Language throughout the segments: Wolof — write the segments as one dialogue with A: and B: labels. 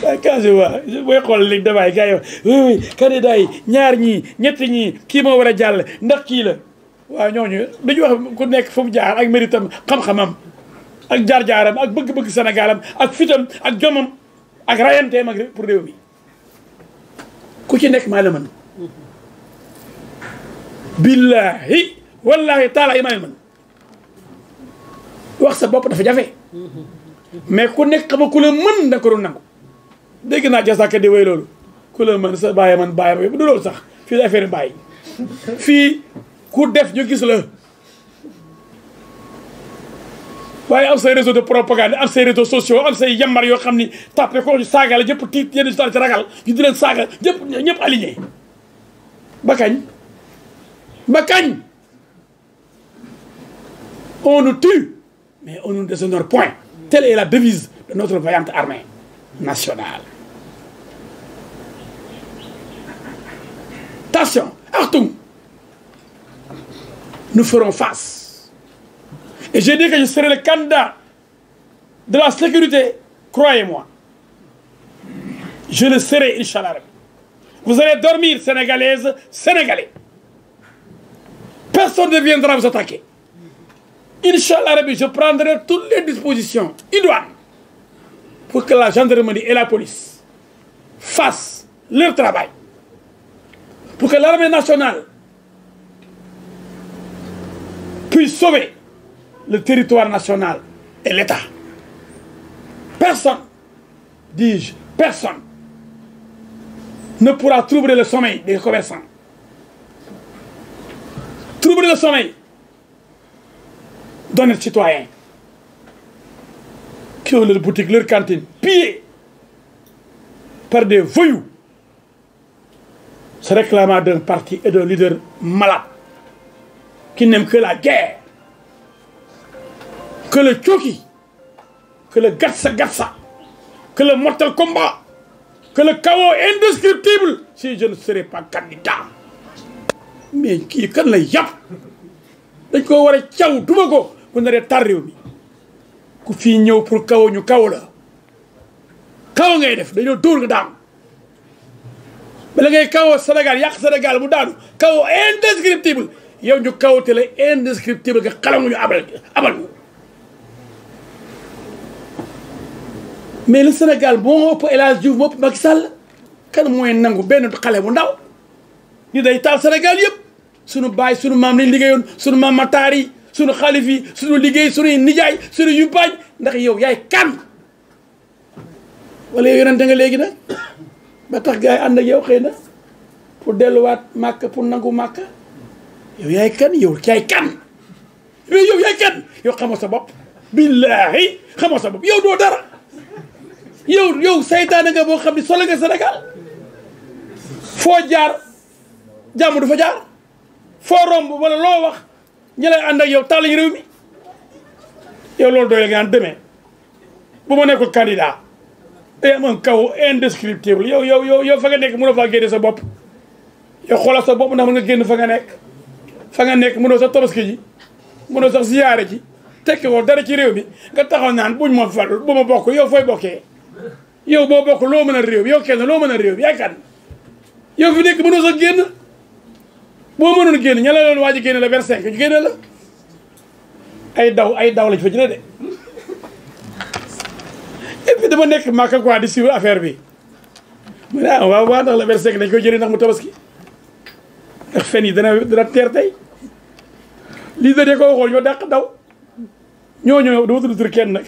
A: quand ah, je xool li dafay gars ñaar ñii ñett ñii kii moo war a jàll ndax kii la waaw ñooñu dañu wax ku nekk fu mu jaar ak jaar-jaaram ak bëgg-bëgg Sénégalam ak fitam ak jomam ci nekk maa la mën billahi wallahi taala yi maa la bopp dafa jafe mm-hmm. mais ku nekk xam nga ku la mën nangu dégg naa ja Jasaaka di wéy lool ku la mën sa bàyyi man bàyyi ma yëpp du loolu sax fii la affaire bàyyi fii ku def ñu gis la waaye am say réseau de propagande am say réseaux sociaux am say yambar yoo xam ni tàppe ko ñu saaga la ñëpp tiit yenn ci ragal ñu di leen saaga ñëpp ñëpp aligné ba kañ ba kañ on nous mais on ne nous déshonore point tele est la devise de notre vaillante armée nationale attention Achtung nous ferons face et j'ai dit que je serai le candidat de la sécurité croyez-moi je le serai inchallah vous allez dormir sénégalaise sénégalais personne ne viendra vous attaquer Inch'Allah Rabbi, je prendrai toutes les dispositions idoines pour que la gendarmerie et la police fassent leur travail. pour que l'armée nationale puisse sauver le territoire national et l'État. Personne, dis-je, personne ne pourra troubler le sommeil des commerçants. Troubler le sommeil d'un citoyen qui ont leur boutique, leur cantine, pillée par des voyous se réclamant d'un parti et d'un leader malade qui n'aime que la guerre, que le choki, que le gatsa gatsa, que le mortel combat, que le chaos indescriptible si je ne serais pas candidat. Mais qui est le dañ ko war a caw duma ko bu naree tar réew mi ku fii ñëw pour kawo ñu kaw la kaw ngay def dañoo door nga daan la ngay kawoo Sénégal yàq Sénégal bu daanu kawoo indescriptible yow ju kawate la indescriptible nga xalanguñu abal abal mais le Sénégal moo ëpp El Hadj Diouf moo ëpp Macky Sall kan mooy nangu benn xale bu ndaw ñu day taal Sénégal yëpp sunu baay sunu maam lañ liggéeyoon sunu maam mataar sunu xalif sunu liggéey sunuy nijaay sunu yumpaañ ndax yow yaay kan wala yow yonente nga léegi na ba tax gars yi ànd ak yow xëy na pour delluwaat màkk pour nangu màkk yow yaay kan yow yaay kan yow yaay kan yow xamoo sa bopp billaahi xamoo sa bopp yow doo dara yow yow saytaane nga boo xam ne solo nga Sénégal foo jaar jàmm du fa jaar foo romb wala loo wax ñu lay ànd ak yow taal lañu réew mi yow loolu doy la nga daan demee bu ma nekkul candidat day am un chaos indescriptible yow yow yow yow fa nga nekk mënoo faa génne sa bopp yow xoolal sa bopp ndax mën nga génn fa nga nekk fa nga nekk mënoo sax tabaski ji mënoo sax ziyaare ji tekki woo dara ci réew mi nga taxaw naan buñ ma fal bu ma bokk yow fooy bokkee yow boo bokk loo mën a réew yow kenn loo mën a réew yaakaar yow fi nekk mënoo sa génn boo mënoon génn ña la loolu waa ji génne la vers cinq ñu génne la ay daw ay daw lañ fa jëlee de et dama nekk Màkka quoi di suivre affaire bi mu ne ah waaw waaw ndax la verset dañ koy jëlee ndax mu tabaski ndax fen yi dana teer tey lii da dee ko waxoon ñoo dàq daw ñooñu dama tudd tur kenn nag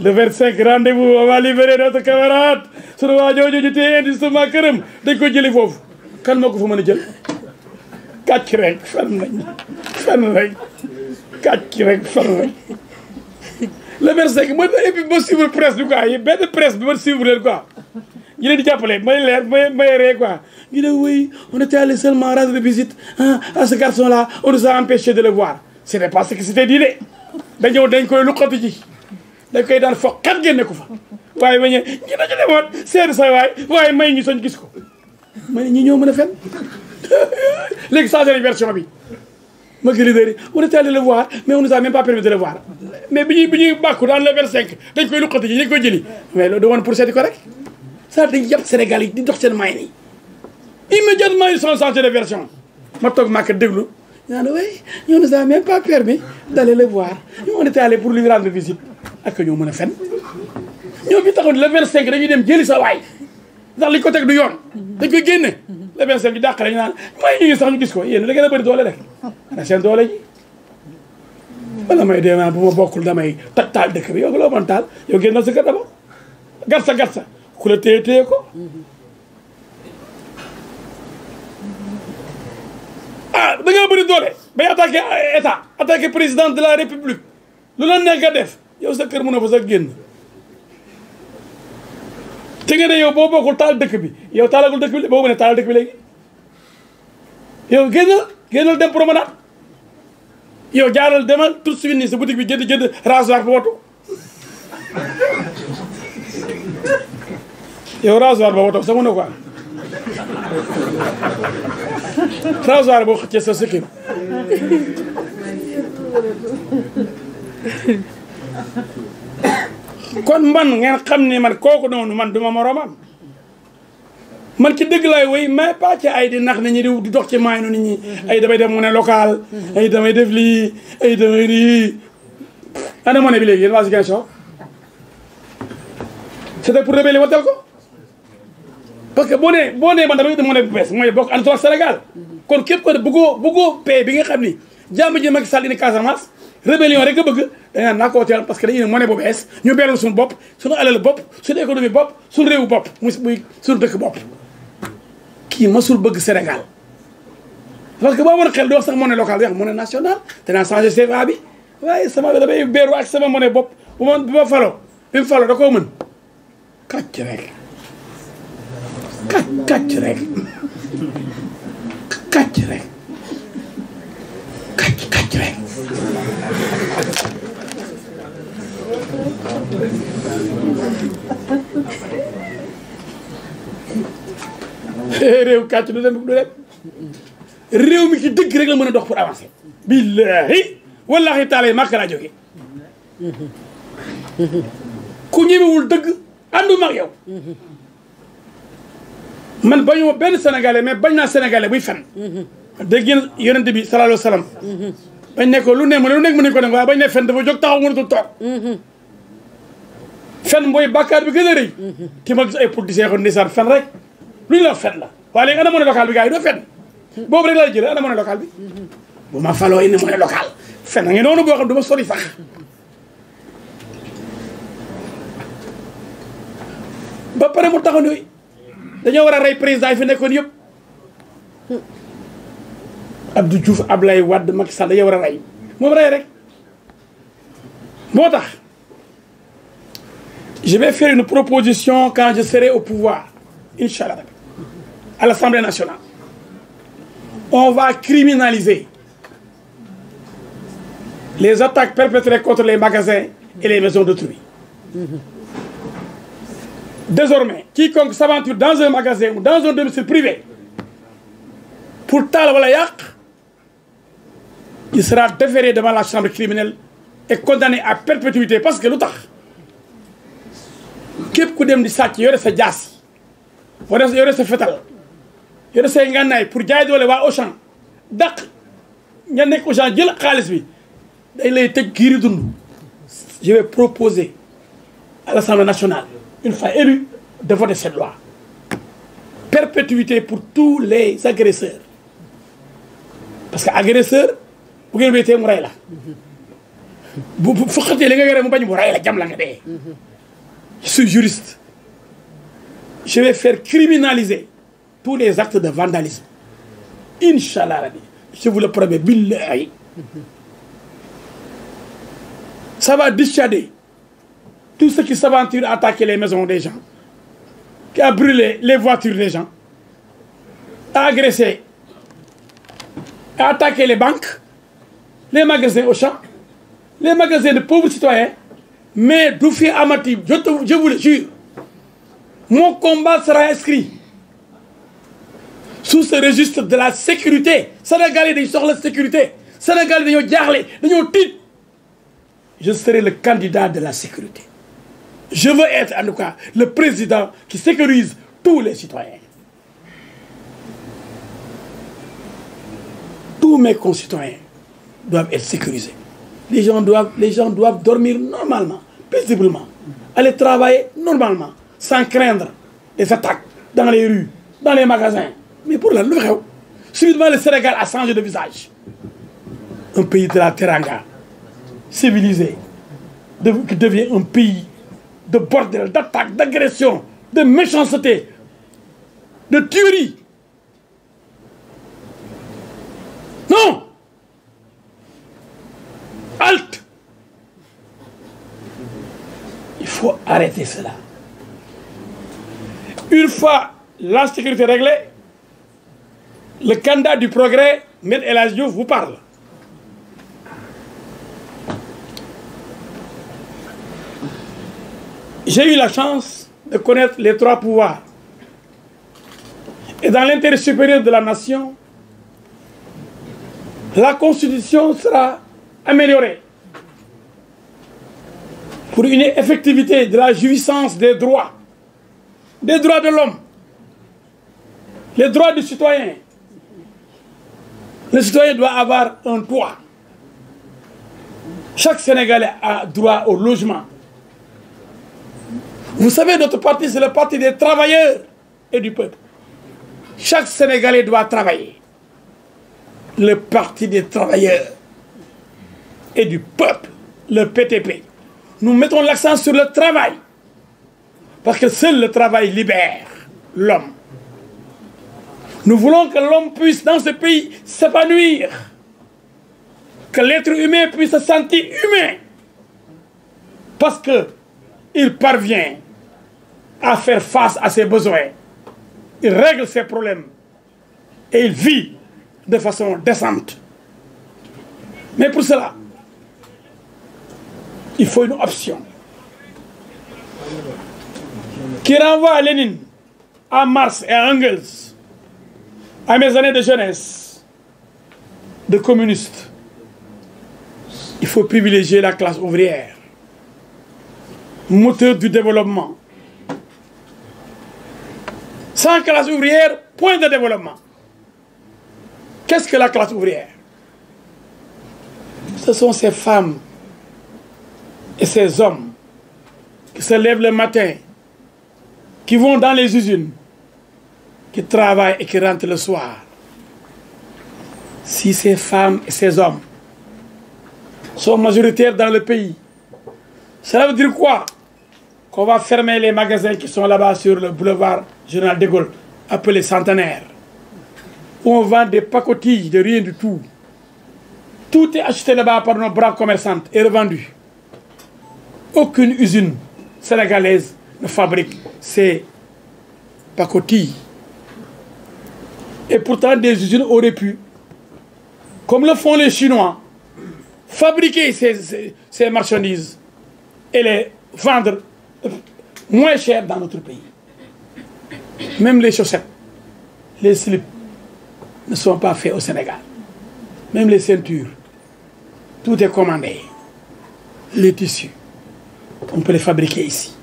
A: le 25 rendez-vous on va libérer notre camarade sunu waa jooju ñu téye injustement këram dañ ko jëli foofu kan moo ko fa mën a jël kàcc rek fan rek kàcc rek fan rek le maire Seck man et puis ma suivre presse bi quoi yi benn bi man suivre leen quoi ñu leen di jàppale may leer may may ree quoi ñu ne oui on était allé seulement rendre visite à ce garçon là on nous a empêché de le voir ce n'est pas ce qui s'était dit de dañëw dañ koy luqatu ji dañ koy daan foog kat génne ko fa waaye ma ñëw ñu dañu demoon seeri sa waay waaye may ñu soñ gis ko ma ne ñi ñoo mën a fen léegi changé nañ version bi leader yi on était allé le voir mais on nous a même pas permis de le voir mais bi ñuy bi daan le 25 dañ koy luqati jëli mais loolu da woon pour seeti ko rek ça Sénégal di dox seen maay nii immédiatement ils sont changé de version ma toog màkk déglu naan way ñoo nous a même pas permis d'aller le voir ñu on était allé pour lui rendre visite ak ñoo mën a fen ñoom bi taxaw le 25 dañuy dem jëli sa waay ndax li ko teg du yoon dañ koy génne le 25 bi dàq rek ñu naan mooy ñu ngi sax ñu gis ko yéen da ngeen a bëri doole rek ana seen doole ji bala may dee naan bu bokkul damay taj taal dëkk bi yow loo mën taal yow génnal sa kër d'abord gatsa gatsa ku la téye téye ko ah da bëri doole bay attaqué eh, état attaqué président de la république lu la nekk yow sa kër mun a fa sa génn te nga ne yow boo bokkul taal dëkk bi yow taalagul dëkk bi boo mu ne taal dëkk bi léegi yow génnal génnal dem promenade yow jaaral demal tout de suite nii sa boutique bi jënd jënd rasoir ba watu yow rasoir ba watu sama na quoi rasoir boo xëccee sa kon man ngeen xam ni man kooku noonu man duma moroomam man ci dëgg lay woy mais pas ci ay di nax nit ñi di dox ci maay nu nit ñi mm-hmm. ay damay def monnaie locale mm-hmm. ay damay def lii ay damay lii ana monnaie bi léegi yéen waa Ziguinchor c'était pour rebeller que boo nee boo nee man damay def monnaie bu mooy bokk ànd ak Sénégal mm-hmm. kon képp ko bëggoo bëggoo paix bi nga xam ni jàmm ji Macky Sall indi Casamance rébellion rek nga bëgg dañ naan naa koo que dañuy ne monnaie bu bees ñu beral suñu bopp suñu alal bopp suñu économie bopp suñu réew bopp muy suñu dëkk bopp kii masul bëgg Sénégal parce que boo mën a xel di wax sax monnaie locale di wax monnaie nationale danaa changé CFA bi waaye sama damay beeru ak sama monnaie bopp bu ma bu ma faloo bi mu da koo mën kàcc rek kàcc kàcc rek kàcc rek réew kàcc du réew mi ci dëgg rek la mën a dox pour avancer. billahi wallahi taala yi màkk laa jóge ku ñemewul dëgg àndu mag yow. man bañuma benn senegale mais bañ naa sénégalais buy fen dégg ngeen yonent bi sallallahu alayhi wa sallam bañ ne ko lu ne mu ne lu nekk ko def waaye bañ ne fen dafa jóg taxaw mënatul toog fen mooy bàkkaar bi gën a rëy ki ma gis ay politiciens ko ndeysaan fen rek lu ñu la fet la waaye léegi ana monnaie locale bi gars yi doo fen boobu rek laa jëlee ana monnaie locale bi bu ma faloo indi monnaie locale fen na ngi noonu boo xam du ma sori sax ba pare mu taxaw ni dañoo war a rey président yi fi nekkoon yëpp Abdou Diouf Ablaye Wade Macky Sall dañoo war a rey moom rey rek moo tax je vais faire une proposition quand je serai au pouvoir incha à l'Assemblée nationale. On va criminaliser les attaques perpétrées contre les magasins et les maisons d'autrui. Désormais, quiconque s'aventure dans un magasin ou dans un domicile privé pour tal wala yàq, il sera déféré devant la chambre criminelle et condamné à perpétuité parce que lu tax képp ku dem di sàcc yore sa jaas wala sa fetal yore say ngànnaay pour jaay doole waa Auchan dàq ña nekk Auchan jël xaalis bi dañ lay tëj kiiri dund je vais proposer à l'Assemblée nationale une fois élu de voter cette loi perpétuité pour tous les agresseurs parce que agresseur bu ngeen wéetee mu rey la bu bu foqatee li nga yore mu bañ mu rey la jam la nga dee je suis juriste je vais faire criminaliser tous les actes de vandalisme incha allah rabi je vous le promets billahi saba va dissuader tous ceux qui s'aventurent à attaquer les maisons des gens qui a brûlé les voitures des gens à agresser à attaquer les banques les magasins Auchan les magasins de pauvres citoyens mais du fi amati je te je vous le jure mon combat sera inscrit sous ce registre de la sécurité Sénégal yi dañ soxla sécurité Sénégal yi dañoo jaaxle dañoo tiit je serai le candidat de la sécurité je veux être en tout cas le président qui sécurise tous les citoyens tous mes concitoyens doivent être sécurisés les gens doivent les gens doivent dormir normalement paisiblement aller travailler normalement sans craindre des attaques dans les rues dans les magasins mais pour lan lu xew subitement le Sénégal a changé de visage un pays de la teranga civilisé de qui devient un pays de bordel d'attaque d'agression de méchanceté de tuerie non halte il faut arrêter cela une fois l'insécurité réglée le candidat du progrès, Maître El Diouf, vous parle. J'ai eu la chance de connaître les trois pouvoirs. Et dans l'intérêt supérieur de la nation, la Constitution sera améliorée pour une effectivité de la jouissance des droits, des droits de l'homme, les droits du citoyen, Le citoyen doit avoir un toit. Chaque Sénégalais a droit au logement. Vous savez, notre parti, c'est le parti des travailleurs et du peuple. Chaque Sénégalais doit travailler. Le parti des travailleurs et du peuple, le PTP. Nous mettons l'accent sur le travail. Parce que seul le travail libère l'homme. Nous voulons que l'homme puisse, dans ce pays, s'épanouir. Que l'être humain puisse se sentir humain. Parce que il parvient à faire face à ses besoins. Il règle ses problèmes. Et il vit de façon décente. Mais pour cela, il faut une option qui renvoie à Lénine, à Marx et à Engels. à mes années de jeunesse, de communiste, il faut privilégier la classe ouvrière, moteur du développement. Sans classe ouvrière, point de développement. Qu'est-ce que la classe ouvrière Ce sont ces femmes et ces hommes qui se lèvent le matin, qui vont dans les usines, qui travaillent et qui rentrent le soir, si ces femmes et ces hommes sont majoritaires dans le pays, cela veut dire quoi Qu'on va fermer les magasins qui sont là-bas sur le boulevard Général de Gaulle, appelés centenaires, où on vend des pacotilles de rien du tout. Tout est acheté là-bas par nos braves commerçantes et revendu. Aucune usine sénégalaise ne fabrique ces pacotilles. Et pourtant, des usines auraient pu, comme le font les Chinois, fabriquer ces, ces, ces marchandises et les vendre moins cher dans notre pays. Même les chaussettes, les slips ne sont pas faits au Sénégal. Même les ceintures, tout est commandé. Les tissus, on peut les fabriquer ici.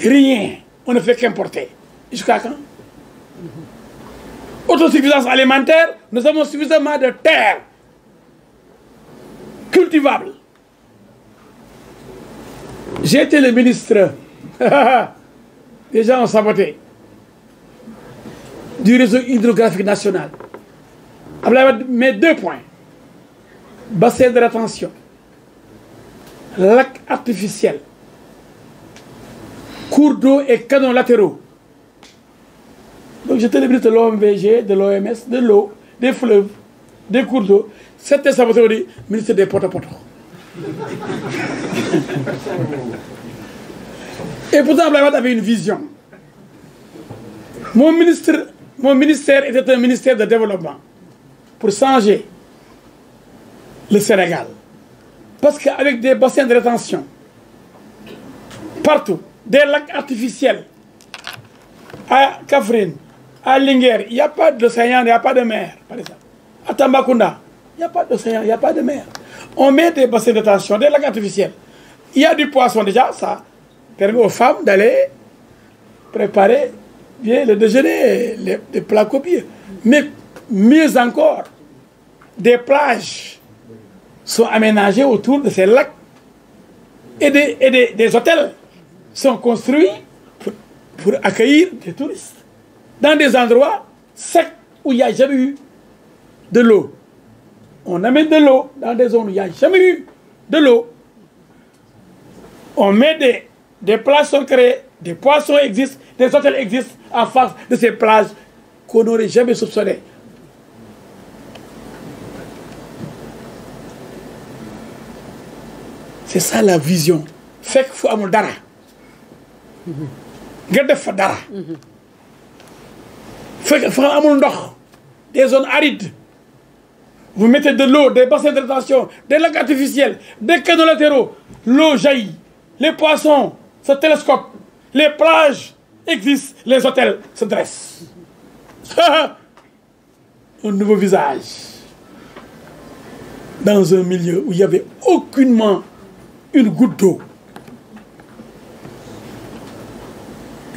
A: Rien, on ne fait qu'importer. Jusqu'à quand autosuffisance alimentaire nous avons suffisamment de terres cultivables j'ai été le ministre des gens ont saboté du réseau hydrographique national Abdoulaye Wade mais deux points bassin de rétention lac artificiel cours d'eau et canaux latéraux Donc je te libère de l'OMVG, de l'OMS, de l'eau, des fleuves, des cours d'eau. C'était ça, vous dit, ministre des porte Et pourtant, Ablaïwad avait une vision. Mon, ministre, mon ministère était un ministère de développement pour changer le Sénégal. Parce qu'avec des bassins de rétention, partout, des lacs artificiels, à Kafrine, À Linguère, il n'y a pas d'océan, il n'y a pas de mer, par exemple. À Tambacounda, il a pas d'océan, n'y a pas de mer. On met des bassins de tension, des lacs artificiels. Il y a du poisson déjà, ça permet aux femmes d'aller préparer le déjeuner, les, plats copieux. Mais mieux encore, des plages sont aménagées autour de ces lacs et des, des, des hôtels sont construits pour accueillir des touristes. dans des endroits secs où il jamais eu de l'eau. On amène de l'eau dans des zones où il n'y a jamais eu de l'eau. On met des, des plages sont créées, des poissons existent, des hôtels existent en face de ces plages qu'on n'aurait jamais soupçonnées. C'est ça la vision. Fekk fu amul dara. nga def fa dara. fekk amul ndox des zones arides vous mettez de l'eau des bassins de rétention des lacs artificiels des canaux latéraux l'eau jaillit les poissons se télescopent les plages existent les hôtels se dressent un nouveau visage dans un milieu où il n'y avait aucunement une goutte d'eau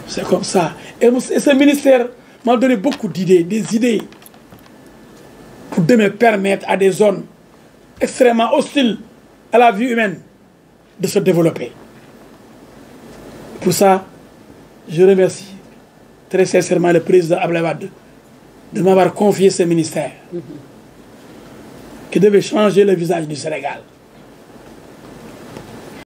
A: c'est comme ça et ce ministère m'a donné beaucoup d'idées, des idées pour de permettre à des zones extrêmement hostiles à la vie humaine de se développer. Pour ça, je remercie très sincèrement le président Ablawad de m'avoir confié ce ministère qui devait changer le visage du Sénégal.